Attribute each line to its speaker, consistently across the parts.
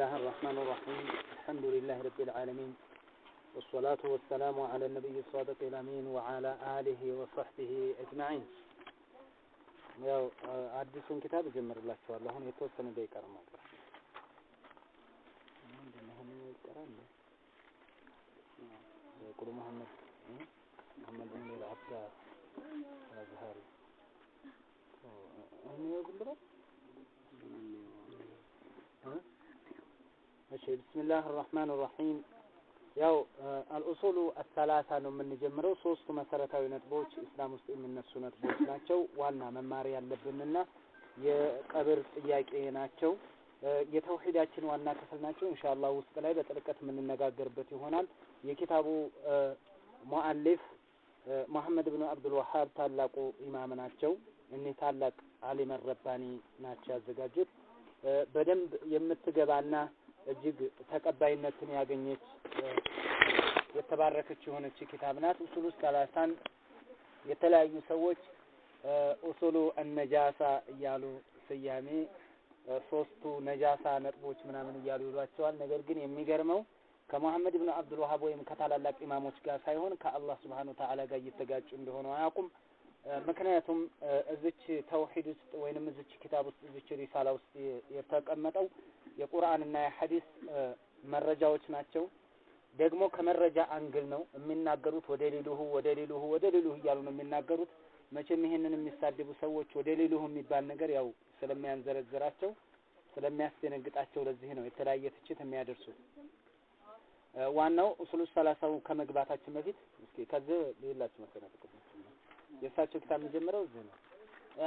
Speaker 1: الله الرحمن الرحيم الحمد لله رب العالمين والصلاة والسلام على النبي الصادق الأمين وعلى آله وصحبه أجمعين ያው አዲሱን ኪታብ እጀምርላችኋለሁ። አሁን የተወሰነ ደቂቃ يتوسن ማለት ምንድን ነው ይቀራል? የቁሉ መሐመድ መሐመድ ብን አብዳ ዛሃሪ እኔ ጉንብረት እሺ ብስሚላህ አራህማን ራሒም ያው አልኡሱሉ አሰላሳ ነው የምንጀምረው። ሶስቱ መሰረታዊ ነጥቦች እስላም ውስጥ የሚነሱ ነጥቦች ናቸው። ዋና መማር ያለብንና የቀብር ጥያቄ ናቸው። የተውሂዳችን ዋና ክፍል ናቸው። ኢንሻአላህ ውስጥ ላይ በጥልቀት የምንነጋገርበት ይሆናል። የኪታቡ ሙአሊፍ መሐመድ ብን አብዱል ወሃብ ታላቁ ኢማም ናቸው። እኒህ ታላቅ አሊም ረባኒ ናቸው ያዘጋጁት። በደንብ የምትገባና እጅግ ተቀባይነትን ያገኘች የተባረከች የሆነች ኪታብ ናት። ኡሱሉ ሰላሳን የተለያዩ ሰዎች ኡሱሉ እነጃሳ እያሉ ስያሜ ሶስቱ ነጃሳ ነጥቦች ምናምን እያሉ ይሏቸዋል። ነገር ግን የሚገርመው ከሙሐመድ ብን አብዱል ወሃብ ወይም ከታላላቅ ኢማሞች ጋር ሳይሆን ከአላህ ስብሐነ ወተዓላ ጋር እየተጋጩ እንደሆነ አያውቁም። ምክንያቱም እዚች ተውሂድ ውስጥ ወይንም እዚች ኪታብ ውስጥ እዚች ሪሳላ ውስጥ የተቀመጠው የቁርአንና የሐዲስ መረጃዎች ናቸው። ደግሞ ከመረጃ አንግል ነው የሚናገሩት። ወደ ሌሉሁ ወደ ሌሉሁ ወደ ሌሉሁ እያሉ ነው የሚናገሩት። መቼም ይሄንን የሚሳደቡ ሰዎች ወደ ሌሉሁ የሚባል ነገር ያው ስለሚያንዘረዝራቸው ስለሚያስደነግጣቸው ለዚህ ነው የተለያየ ትችት የሚያደርሱት። ዋናው ኡሱሉ ሰላሳው ከመግባታችን በፊት እስኪ ከዚህ ሌላችሁ መሰናጥቀው የእሳቸው ኪታብ የሚጀምረው እዚህ ነው።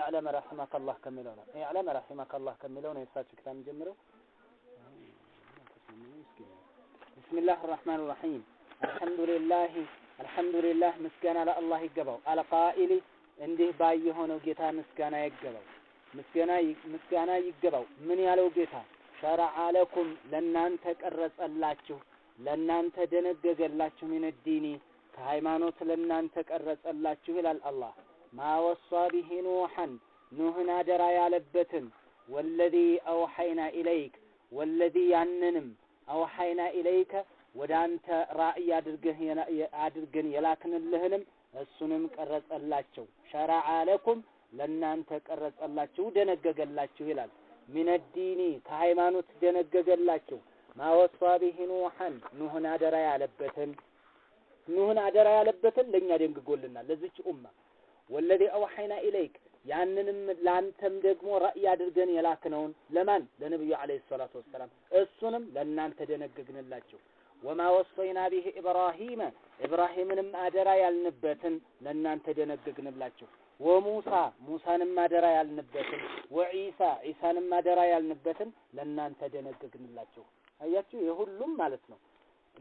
Speaker 1: ኢዕለም ረሒመከላህ ከሚለው ነው። ኢዕለም ረሒመከላህ ከሚለው ነው የእሳቸው ኪታብ የሚጀምረው። ቢስሚላህ ራህማን ራሒም አልሐምዱሊላህ አልሐምዱሊላህ ምስጋና ለአላህ ይገባው። አልቃኢሊ እንዲህ ባይ የሆነው ጌታ ምስጋና ይገባው። ምስጋና ይገባው። ምን ያለው ጌታ ሸረዐ ለኩም ለእናንተ ቀረጸላችሁ፣ ለእናንተ ደነገገላችሁ ሚን ዲኒ ከሃይማኖት ለእናንተ ቀረጸላችሁ ይላል አላህ። ማወሷ ቢሂ ኑሐን ኑህን አደራ ያለበትን ወለዚ አውሐይና ኢለይክ ወለዚ ያንንም አውሐይና ኢለይከ ወደ አንተ ራእይ አድርገን የላክንልህንም እሱንም ቀረጸላቸው። ሸረዐ ለኩም ለእናንተ ቀረጸላችሁ ደነገገላችሁ ይላል። ሚነ ዲኒ ከሃይማኖት ደነገገላችሁ ማወሷ ቢሂ ኑሐን ኑህን አደራ ያለበትን ኑህን አደራ ያለበትን ለእኛ ደንግጎልናል፣ ለዚች ኡማ ወለዚ አውሐይና ኢለይክ ያንንም ለአንተም ደግሞ ራእይ አድርገን የላክነውን ለማን ለነብዩ አለይሂ ሰላቱ ወሰላም እሱንም ለእናንተ ደነግግንላችሁ። ወማ ወሰይና ቢሂ ኢብራሂመ ኢብራሂምንም አደራ ያልንበትን ለእናንተ ደነግግንላችሁ። ወሙሳ ሙሳንም አደራ ያልንበትን ወዒሳ ዒሳንም አደራ ያልንበትን ለእናንተ ደነግግንላችሁ። አያችሁ የሁሉም ማለት ነው።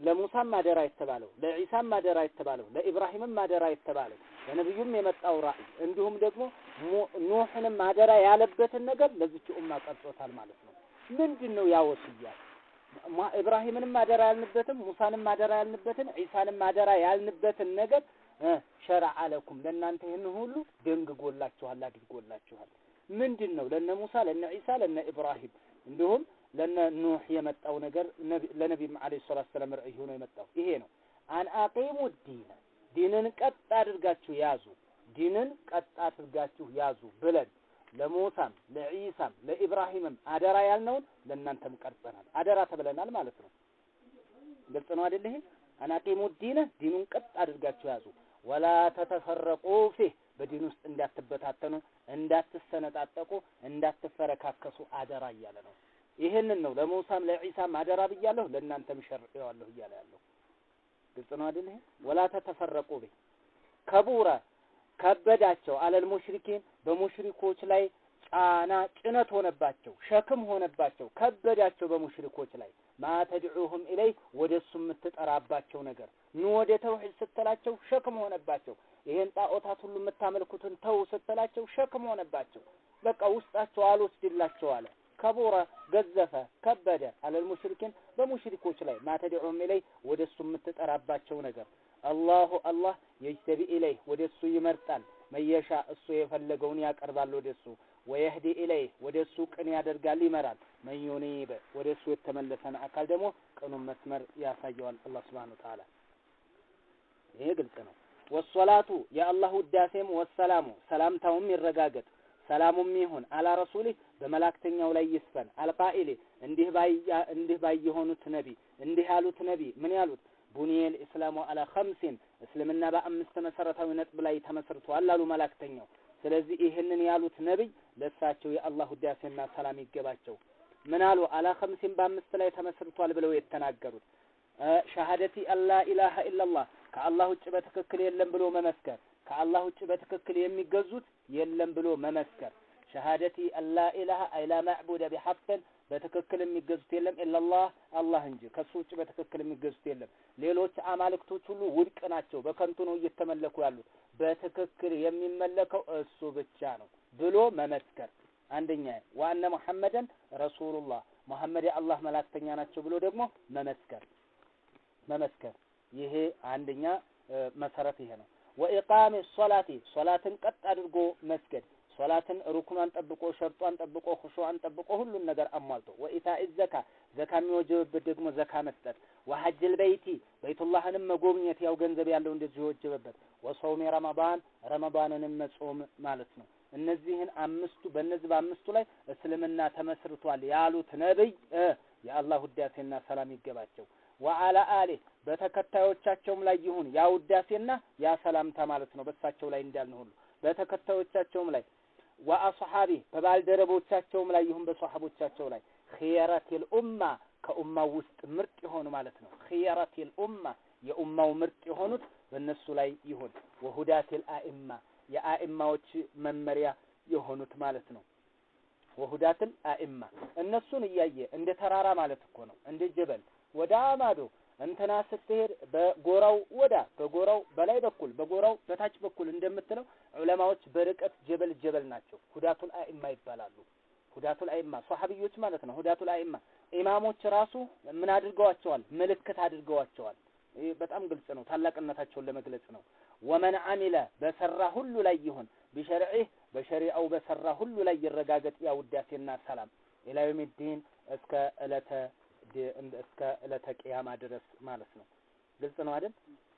Speaker 1: ለሙሳም ማደራ የተባለው ለዒሳም ማደራ የተባለው ለኢብራሂምም ማደራ የተባለው ለነቢዩም የመጣው ራእይ እንዲሁም ደግሞ ኑሕንም ማደራ ያለበትን ነገር ለዚች ኡማ ቀርጾታል ማለት ነው። ምንድን ነው ያወስያል? ኢብራሂምንም ማደራ ያልንበትን፣ ሙሳንም ማደራ ያልንበትን፣ ዒሳንም ማደራ ያልንበትን ነገር ሸረዐ ለኩም ለእናንተ ይህን ሁሉ ደንግጎላችኋል፣ አድርጎላችኋል። ምንድን ነው ለነ ሙሳ ለነ ዒሳ ለነ ኢብራሂም እንዲሁም ለነ ኑህ የመጣው ነገር ለነቢም ዓለይሂ ሰላቱ ወሰላም ርዕይ ሆኖ የመጣው ይሄ ነው። አን አቂሙ ዲነ ዲንን ቀጥ አድርጋችሁ ያዙ፣ ዲንን ቀጥ አድርጋችሁ ያዙ ብለን ለሙሳም ለዒሳም ለኢብራሂምም አደራ ያልነውን ለእናንተም ቀርጸናል። አደራ ተብለናል ማለት ነው። ግልጽ ነው አይደል? ይሄ አን አቂሙ ዲነ ዲኑን ቀጥ አድርጋችሁ ያዙ። ወላ ተተፈረቁ ፊህ በዲን ውስጥ እንዳትበታተኑ፣ እንዳትሰነጣጠቁ፣ እንዳትፈረካከሱ አደራ እያለ ነው። ይሄንን ነው ለሙሳም ለዒሳም አደራ ብያለሁ፣ ለእናንተም ሸርዕዋለሁ እያለ ያለው ግልጽ ነው አይደል? ይሄ ወላ ተተፈረቁ ቢ ከቡረ ከበዳቸው አለል ሙሽሪኪን በሙሽሪኮች ላይ ጫና ጭነት ሆነባቸው፣ ሸክም ሆነባቸው፣ ከበዳቸው በሙሽሪኮች ላይ ማተድዑሁም ኢለይ ወደ እሱ የምትጠራባቸው ነገር ኑ ወደ ተውሂድ ስትላቸው ሸክም ሆነባቸው። ይሄን ጣዖታት ሁሉ የምታመልኩትን ተው ስትላቸው ሸክም ሆነባቸው። በቃ ውስጣቸው አልወስድላቸው አለ። ከቡረ ገዘፈ ከበደ አለል ሙሽሪኪን በሙሽሪኮች ላይ ማተዲዑም ኢለይ ወደ እሱ የምትጠራባቸው ነገር አላሁ አላህ የጅተቢ ኢለይህ ወደ እሱ ይመርጣል መየሻ እሱ የፈለገውን ያቀርባል ወደ እሱ ወየህዲ ኢለይህ ወደ እሱ ቅን ያደርጋል ይመራል መን ዩኒብ ወደ እሱ የተመለሰን አካል ደግሞ ቅኑን መስመር ያሳየዋል አላህ ስብሓነሁ ወተዓላ ይሄ ግልጽ ነው ወሶላቱ የአላህ ውዳሴም ወሰላሙ ሰላምታውም ይረጋገጥ ሰላሙም ይሁን አላ ረሱሊህ በመላእክተኛው ላይ ይስፈን አልቃኢሊ እንዲህ ባይ እንዲህ ባይ ነቢ እንዲህ ያሉት ነቢ ምን ያሉት ቡኒየል ኢስላሙ አላ ኸምሲን እስልምና በአምስት መሰረታዊ ነጥብ ላይ ተመስርቷል አሉ መላእክተኛው። ስለዚህ ይህንን ያሉት ነብይ ለእሳቸው የአላህ ውዳሴና ሰላም ይገባቸው። ምን አሉ? አላ ኸምሲን በአምስት ላይ ተመስርቷል ብለው የተናገሩት ሸሃደቲ አላ ኢላሃ ኢላላህ ከአላህ ውጭ በትክክል የለም ብሎ መመስከር ከአላህ ውጭ በትክክል የሚገዙት የለም ብሎ መመስከር ሸሃደቲ አላ ኢላሃ አይላ ማዕቡደ ቢሐቅን በትክክል የሚገዙት የለም ኢላላህ አላህ እንጂ ከሱ ውጭ በትክክል የሚገዙት የለም። ሌሎች አማልክቶች ሁሉ ውድቅ ናቸው፣ በከንቱ ነው እየተመለኩ ያሉት። በትክክል የሚመለከው እሱ ብቻ ነው ብሎ መመስከር አንደኛ። ዋነ ሙሐመደን ረሱሉላህ ሙሐመድ የአላህ መላክተኛ ናቸው ብሎ ደግሞ መመስከር መመስከር። ይሄ አንደኛ መሰረት ይሄ ነው። ወኢቃሚ ሶላቲ ሶላትን ቀጥ አድርጎ መስገድ ሶላትን ሩክኗን ጠብቆ ሸርጧን ጠብቆ ሁሹዓን ጠብቆ ሁሉን ነገር አሟልቶ ወኢታኢ ዘካ ዘካ የሚወጀበበት ደግሞ ዘካ መስጠት ወሐጅል በይቲ በይቱላህንም መጎብኘት ያው ገንዘብ ያለው እንደዚህ የወጀበበት ወሶውሚ ረመዳን ረመዳንንም መጾም ማለት ነው። እነዚህን አምስቱ በእነዚህ በአምስቱ ላይ እስልምና ተመስርቷል ያሉት ነብይ የአላህ ውዳሴና ሰላም ይገባቸው። ወአላ አሌ በተከታዮቻቸውም ላይ ይሁን ያ ውዳሴና ያ ሰላምታ ማለት ነው። በሳቸው ላይ እንዳልን ሁሉ በተከታዮቻቸውም ላይ ወአስሓቢ በባልደረቦቻቸውም ላይ ይሁን በሰሓቦቻቸው ላይ ኸየረቲል ኡማ ከኡማው ውስጥ ምርጥ የሆኑ ማለት ነው። ኸየረቲል ኡማ የኡማው ምርጥ የሆኑት በእነሱ ላይ ይሁን። ወሁዳቲል አኢማ የአኢማዎች መመሪያ የሆኑት ማለት ነው። ወሁዳትል አእማ እነሱን እያየ እንደ ተራራ ማለት እኮ ነው፣ እንደ ጀበል ወዳ ማዶ እንትና ስትሄድ በጎራው ወዳ በጎራው በላይ በኩል በጎራው በታች በኩል እንደምትለው ዑለማዎች በርቀት ጀበል ጀበል ናቸው። ሁዳቱል አእማ ይባላሉ። ሁዳቱል አእማ ሷሐቢዮች ማለት ነው። ሁዳቱል አእማ ኢማሞች ራሱ ምን አድርገዋቸዋል? ምልክት አድርገዋቸዋል። በጣም ግልጽ ነው። ታላቅነታቸውን ለመግለጽ ነው። ወመን አሚለ በሰራ ሁሉ ላይ ይሁን ቢሸርዒህ በሸሪአው በሰራ ሁሉ ላይ ይረጋገጥ ያ ውዳሴና ሰላም ኢላ የውሚዲን እስከ እለተ እስከ ዕለተ ቅያማ ድረስ ማለት ነው። ግልጽ ነው አይደል?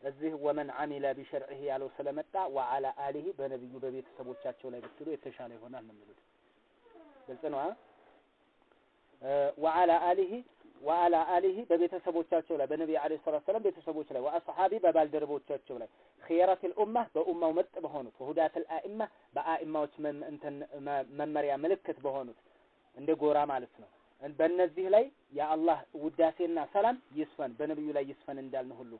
Speaker 1: እዚህ ወመን አሚለ ቢሸርዒህ ያለው ስለመጣ ወአላ አሊሂ በነብዩ በቤተሰቦቻቸው ላይ ብትሉ የተሻለ ይሆናል ነው የሚሉት። ግልጽ ነው ወአላ አሊሂ ወአላ አሊሂ በቤተሰቦቻቸው ላይ በነቢ ዓለይሂ ሰላቱ ሰላም ቤተሰቦች ላይ ወአስሓቢ በባልደረቦቻቸው ላይ ኺየረቲል ኡማ በኡማው መጥ በሆኑት ወሁዳተል አኢማ በአኢማዎች መመሪያ ምልክት በሆኑት እንደ ጎራ ማለት ነው። በእነዚህ ላይ የአላህ ውዳሴና ሰላም ይስፈን በነብዩ ላይ ይስፈን እንዳልን ሁሉ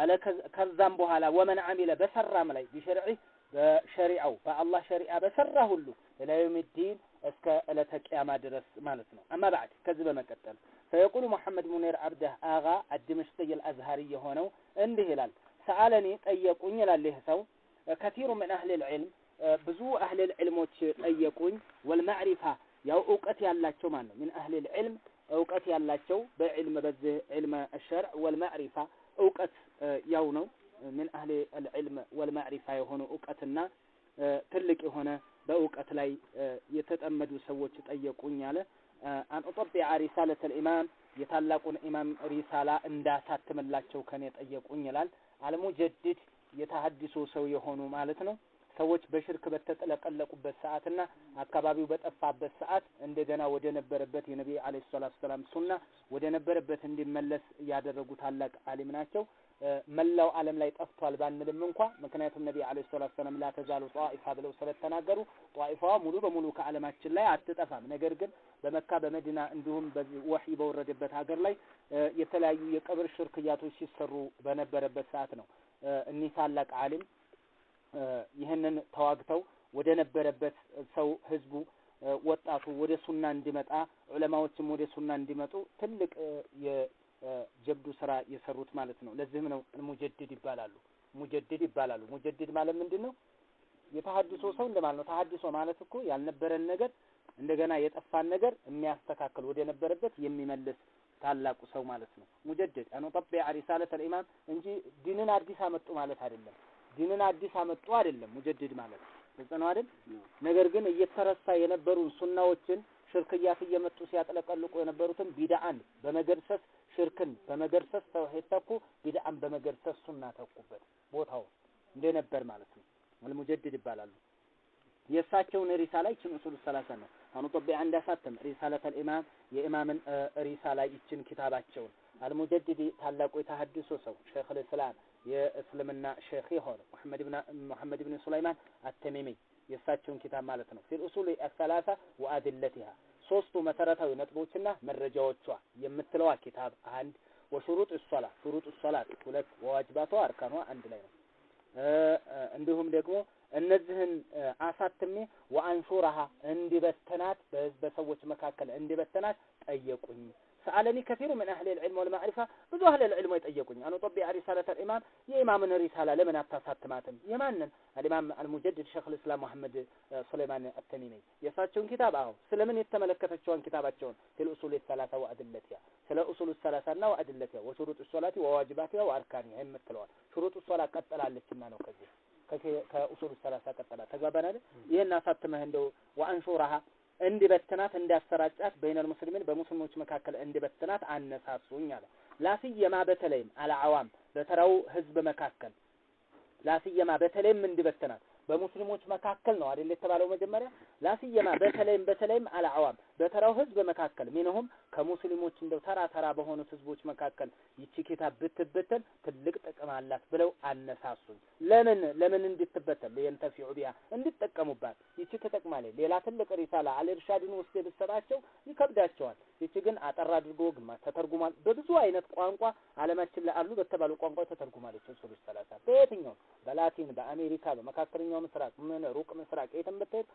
Speaker 1: አለ ከዛም በኋላ ወመን አሚለ በሰራም ላይ ቢሸርዒ በሸሪዓው በአላህ ሸሪዓ በሰራ ሁሉ ለየውምዲን እስከ ዕለተ ቅያማ ድረስ ማለት ነው። አማ በዕድ ከዚህ በመቀጠል ፈየቁሉ መሐመድ ሙኒር አብደህ አጋ አድምሽጥይ አልአዝሃሪ የሆነው እንዲህ ይላል ሰአለኒ ጠየቁኝ ይላል ይህ ሰው ከቲሩ ምን አህልል ዕልም ብዙ አህልል ዕልሞች ጠየቁኝ ወልማዕሪፋ ያው እውቀት ያላቸው ማለት ነው ምን አህልል ዕልም እውቀት ያላቸው በዕልም በዚህ ዕልመ ሸርዕ ወልማዕሪፋ እውቀት ያው ነው ምን አህል ልዕልም ወልማዕሪፋ የሆኑ እውቀትና ትልቅ የሆነ በእውቀት ላይ የተጠመዱ ሰዎች ጠየቁኝ አለ አንጦቢያ ሪሳለት ልኢማም የታላቁን ኢማም ሪሳላ እንዳሳትምላቸው ከኔ ጠየቁኝ ይላል አልሙጀድድ የተሀድሶ ሰው የሆኑ ማለት ነው። ሰዎች በሽርክ በተጠለቀለቁበት ሰዓትና አካባቢው በጠፋበት ሰዓት እንደገና ወደ ነበረበት የነቢ አለይሂ ሰላቱ ሰላም ሱና ወደ ነበረበት እንዲመለስ ያደረጉ ታላቅ አሊም ናቸው። መላው ዓለም ላይ ጠፍቷል ባንልም እንኳ ምክንያቱም ነቢ አለይሂ ሰላቱ ሰላም ላተዛሉ ጧኢፋ ብለው ስለተናገሩ ጧኢፋዋ ሙሉ በሙሉ ከዓለማችን ላይ አትጠፋም። ነገር ግን በመካ በመዲና እንዲሁም በዚህ ወህይ በወረደበት ሀገር ላይ የተለያዩ የቀብር ሽርክያቶች ሲሰሩ በነበረበት ሰዓት ነው እኒህ ታላቅ ዓሊም ይህንን ተዋግተው ወደ ነበረበት ሰው ህዝቡ ወጣቱ ወደ ሱና እንዲመጣ ዑለማዎችም ወደ ሱና እንዲመጡ ትልቅ የጀብዱ ስራ የሰሩት ማለት ነው። ለዚህም ነው ሙጀድድ ይባላሉ። ሙጀድድ ይባላሉ። ሙጀድድ ማለት ምንድን ነው? የተሀድሶ ሰው እንደማለት ነው። ተሀድሶ ማለት እኮ ያልነበረን ነገር እንደገና የጠፋን ነገር የሚያስተካክል ወደ ነበረበት የሚመልስ ታላቁ ሰው ማለት ነው። ሙጀደድ አንጠቢዐ ሪሳለት አልኢማም እንጂ ዲንን አዲስ አመጡ ማለት አይደለም። ዲንን አዲስ አመጡ አይደለም ሙጀደድ ማለት ግልጽ ነው አይደል? ነገር ግን እየተረሳ የነበሩን ሱናዎችን ሽርክያት እየመጡ ሲያጥለቀልቁ የነበሩትን ቢድዓን በመገርሰስ ሽርክን በመገርሰስ ተውሂድ ተኩ፣ ቢድዓን በመገርሰስ ሱና ተኩበት ቦታው እንደ ማለት ነው። አልሙጀድድ ይባላሉ። የእሳቸውን ሪሳላ ይችን ኡሱሉ ሰላሳ ነው አንጦቤ እንዳሳተም ሪሳለት አልኢማም የኢማምን ሪሳላ ይችን ኪታባቸውን አልሙጀድዲ ታላቁ የተሐድሶ ሰው ሼክ ልእስላም የእስልምና ሼክ የሆነ ሙሐመድ ብን ሱላይማን አተሚሚ የእሳቸውን ኪታብ ማለት ነው ፊል ኡሱል አሰላሳ ወአድለቲሃ ሶስቱ መሰረታዊ ነጥቦችና መረጃዎቿ የምትለዋ ኪታብ አንድ ወሹሩጥ ሶላት ሹሩጥ ሶላት ሁለት ወዋጅባቷ አርካኗ አንድ ላይ ነው እንዲሁም ደግሞ እነዚህን አሳትሜ ወአንሹራሃ እንዲበተናት በህዝበ ሰዎች መካከል እንዲበተናት ጠየቁኝ። ሰአለኒ ከፊሩ ምን አህል ልዕልም ወልማዕሪፋ ብዙ አህል ልዕልሞ የጠየቁኝ አኑ ጦቢያ ሪሳለት ልኢማም የኢማምን ሪሳላ ለምን አታሳትማትም? የማንን አልኢማም አልሙጀድድ ሸክ ልእስላም መሐመድ ሱሌማን አተሚሚ የእሳቸውን ኪታብ አዎ ስለምን የተመለከተቸውን ኪታባቸውን ፊል ኡሱል ሰላሳ ወአድለትያ ስለ ኡሱል ሰላሳና ወአድለትያ ወሹሩጥ ሶላቲ ወዋጅባትያ ወአርካንያ የምትለዋል ሹሩጥ ሶላ ቀጠላለችና ነው ከዚህ ከኡሱል ሰላሳ ቀጠላ ተግባባናል። ይህን አሳትመህ እንደው ወአንሹራሃ እንዲበትናት እንዲያሰራጫት በይነል ሙስሊሚን በሙስሊሞች መካከል እንዲበትናት አነሳሱኝ አለ። ላስየማ በተለይም አልዓዋም በተራው ህዝብ መካከል ላስየማ በተለይም እንዲበትናት በሙስሊሞች መካከል ነው አይደል የተባለው መጀመሪያ ላስየማ በተለይም በተለይም አልአዋም በተራው ህዝብ መካከል ሚነሁም ከሙስሊሞች እንደው ተራ ተራ በሆኑት ህዝቦች መካከል ይቺ ኪታብ ብትበተን ትልቅ ጥቅም አላት ብለው አነሳሱኝ። ለምን ለምን እንድትበተን ለየንተፊዑ ቢያ እንድጠቀሙባት ይቺ ትጠቅማለች። ሌላ ትልቅ ሪሳላ አልኢርሻድን ውስጥ ብሰጣቸው ይከብዳቸዋል። ይቺ ግን አጠር አድርጎ ግማሽ ተተርጉሟል። በብዙ አይነት ቋንቋ አለማችን ላይ አሉ በተባሉ ቋንቋ ተተርጉማለች። ሱሉ ሰላሳ በየትኛው በላቲን፣ በአሜሪካ፣ በመካከለኛው ምስራቅ ምን ሩቅ ምስራቅ የትም ብትሄድ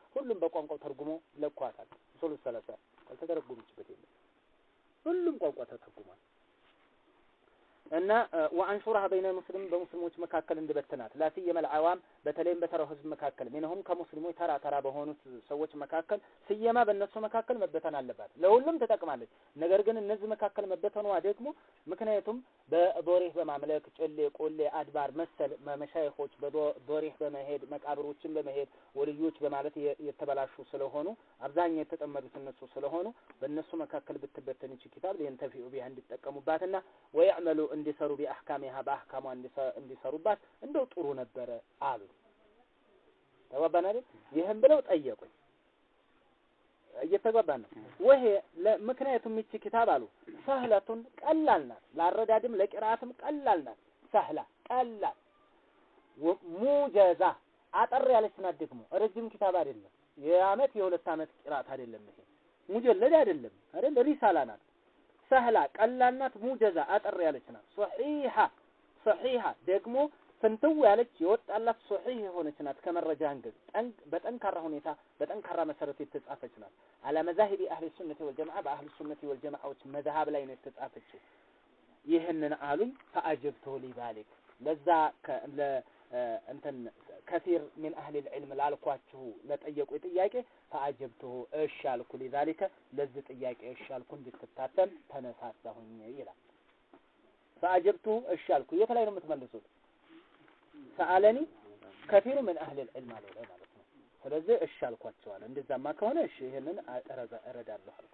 Speaker 1: እና ወአንሹራህ በይነ ሙስሊም በሙስሊሞች መካከል እንድበትናት ላስየመል አዋም በተለይም በተራው ህዝብ መካከል ሚንሁም ከሙስሊሞች ተራ ተራ በሆኑት ሰዎች መካከል ስየማ በእነሱ መካከል መበተን አለባት። ለሁሉም ትጠቅማለች። ነገር ግን እነዚህ መካከል መበተኗ ደግሞ ምክንያቱም በዶሬህ በማምለክ ጭሌ፣ ቆሌ፣ አድባር መሰል መሻይኾች በዶሬህ በመሄድ መቃብሮችን በመሄድ ወልዮች በማለት የተበላሹ ስለሆኑ አብዛኛው የተጠመዱት እነሱ ስለሆኑ በእነሱ መካከል ብትበተን ይቺ ኪታብ ሊንተፊዑ ቢሃ እንዲጠቀሙባትና ወያዕመሉ እንዲ እንዲሰሩ ቢአህካሚሃ በአህካሟ እንዲሰሩባት እንደው ጥሩ ነበረ አሉ። ተግባባን። ይህም ብለው ጠየቁኝ። እየተግባባን ነው። ወሄ ምክንያቱም ይቺ ኪታብ አሉ ሰህለቱን ቀላል ናት፣ ለአረዳድም ለቂራአትም ቀላል ናት። ሰህላ ቀላል ሙጀዛ አጠር ያለች ናት። ደግሞ ረጅም ኪታብ አይደለም። የአመት የሁለት አመት ቂራአት አይደለም። ይሄ ሙጀለድ አይደለም አይደል? ሪሳላ ናት። ሰህላ ቀላል ናት። ሙጀዛ አጠር ያለች ናት። ሶሒሃ ሶሒሃ ደግሞ ፍንትው ያለች የወጣላት ሶሒህ የሆነች ናት። ከመረጃ አንግል በጠንካራ ሁኔታ በጠንካራ መሰረት የተጻፈች ናት። አላ መዛሂቢ አህል ሱነት ወልጀማዓ በአህል ሱነት ወልጀማዓዎች መዝሀብ ላይ ነው የተጻፈችው። ይህንን አሉኝ። ፈአጀብተሁ ሊዛሊክ ለዛ እንትን ከሲር ሚን አህሊል ዒልም ላልኳችሁ ለጠየቁ ጥያቄ ፈአጀብትሁ እሺ አልኩ። ሊዛሊከ ለዚህ ጥያቄ እሺ አልኩ እንድትታተም ተነሳሳሁኝ ይላል። ፈአጀብትሁ እሺ አልኩ። የት ላይ ነው የምትመልሱት? ሰአለኒ ከሲሩ ምን አህሊል ዒልም አለው ላይ ማለት ነው። ስለዚህ እሺ አልኳቸዋለሁ። እንደዛማ ከሆነ እሺ ይሄንን እረዳለሁ አልኩ።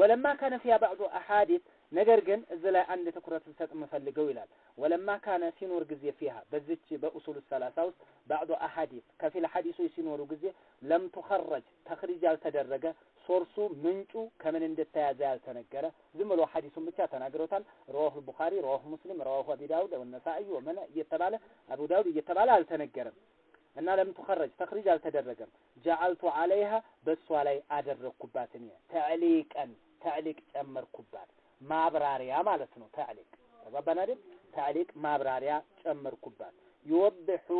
Speaker 1: ወለማ ካነ ፊያ ባዕዱ አሓዲት ነገር ግን እዚህ ላይ አንድ ትኩረት ልሰጥ የምፈልገው ይላል ወለማ ካነ ሲኖር ጊዜ ፊሃ በዚች በኡሱሉ ሰላሳ ውስጥ ባዕዱ አሐዲት ከፊል ሐዲሶች ሲኖሩ ጊዜ ለም ቱኸረጅ ተኽሪጅ ያልተደረገ ሶርሱ ምንጩ ከምን እንደተያዘ ያልተነገረ ዝም ብሎ ሐዲሱን ብቻ ተናግሮታል። ረዋሁ ቡኻሪ፣ ረዋሁ ሙስሊም፣ ረዋሁ አቢ ዳውድ ወነሳኢ ወመነ እየተባለ አቡ ዳውድ እየተባለ አልተነገረም። እና ለም ተخرج ተخሪጅ አልተደረገም جعلت عليها በሷ ላይ አደረኩባት እኔ ተዕሊቀን ተዕሊቅ ጨመርኩባት ማብራሪያ ማለት ነው ተዕሊቅ ተባባን አይደል ተዕሊቅ ማብራሪያ ጨመርኩባት ይወብሑ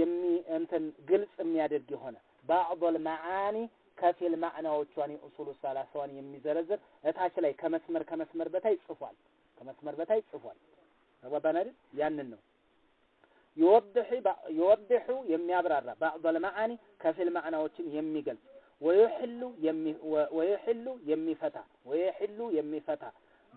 Speaker 1: የሚ እንትን ግልጽ የሚያደርግ የሆነ ባዕዶል መዓኒ ከፊል ማዕናዎቿን የኡሱሉ ሰላሳዋን የሚዘረዝር እታች ላይ ከመስመር ከመስመር በታይ ጽፏል ከመስመር በታይ ጽፏል ተባባን አይደል ያንን ነው የወድሑ የሚያብራራ ባዕዶል መዓኒ ከፊል ማዕናዎችን የሚገልጽ ወየሕሉ የሚፈታ ወየሕሉ የሚፈታ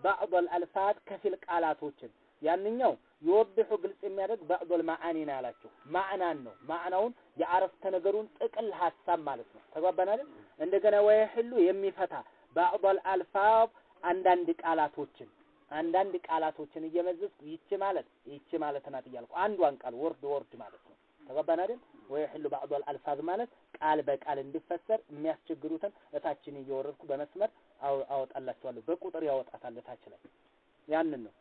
Speaker 1: ባዕዶል አልፋት ከፊል ቃላቶችን ያንኛው የወድሑ ግልጽ የሚያደርግ ባዕዶል ማዓኒ ነው ያላቸው ማዕናን ነው። ማዕናውን የአረፍተ ነገሩን ጥቅል ሀሳብ ማለት ነው። ተጓባናል። እንደገና ወየሕሉ የሚፈታ ባዕዶል አልፋብ አንዳንድ ቃላቶችን አንዳንድ ቃላቶችን እየመዘዝኩ ይቺ ማለት ይቺ ማለት ናት እያልኩ አንዷን ቃል ወርድ ወርድ ማለት ነው። ተገባን አይደል? ወይ ህሉ بعض አልአልፋዝ ማለት ቃል በቃል እንዲፈሰር የሚያስቸግሩትን እታችን እየወረድኩ በመስመር አወጣላችኋለሁ። በቁጥር ያወጣታል እታች ላይ ያንን ነው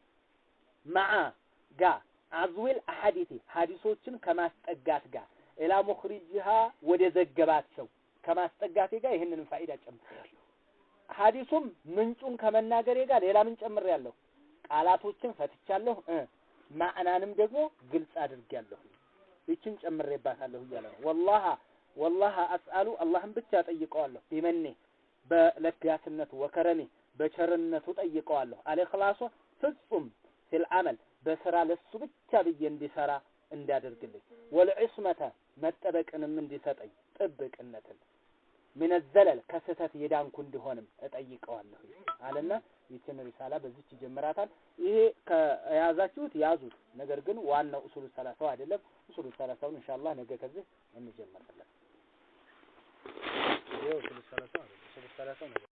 Speaker 1: መዓ ጋ አዝዌል አሐዲቴ ሐዲሶችን ከማስጠጋት ጋር ኢላ ሙኽሪጅሃ ወደ ዘገባቸው ከማስጠጋቴ ጋር ይህንን ፋይዳ ጨምራለሁ። ሀዲሱም ምንጩን ከመናገሬ ጋር ሌላ ምን ጨምሬያለሁ? ቃላቶችን ፈትቻለሁ፣ ማዕናንም ደግሞ ግልጽ አድርጌያለሁ። ይችን ጨምሬባታለሁ እያለ ነው። ወላሂ ወላሂ አስአሉ አላህን ብቻ ጠይቀዋለሁ። ቢመኔ በለጋስነቱ ወከረሜ በቸርነቱ ጠይቀዋለሁ። አልእኽላሶ ፍጹም ፊል አመል በስራ ለሱ ብቻ ብዬ እንዲሰራ እንዳደርግልኝ፣ ወልዕስመተ መጠበቅንም እንዲሰጠኝ ጥብቅነትን ምን ዘለል ከስህተት የዳንኩ እንደሆንም እጠይቀዋለሁ አለና ይችን ሪሳላ በዚች ይጀምራታል። ይሄ ከያዛችሁት ያዙት። ነገር ግን ዋናው ኡሱሉ ሰላሳው አይደለም። ኡሱሉ ሰላሳውን ኢንሻአላህ ነገ ከዚህ እንጀምራለን። ይሄ ኡሱሉ ሰላሳው አይደለም። ኡሱሉ ሰላሳው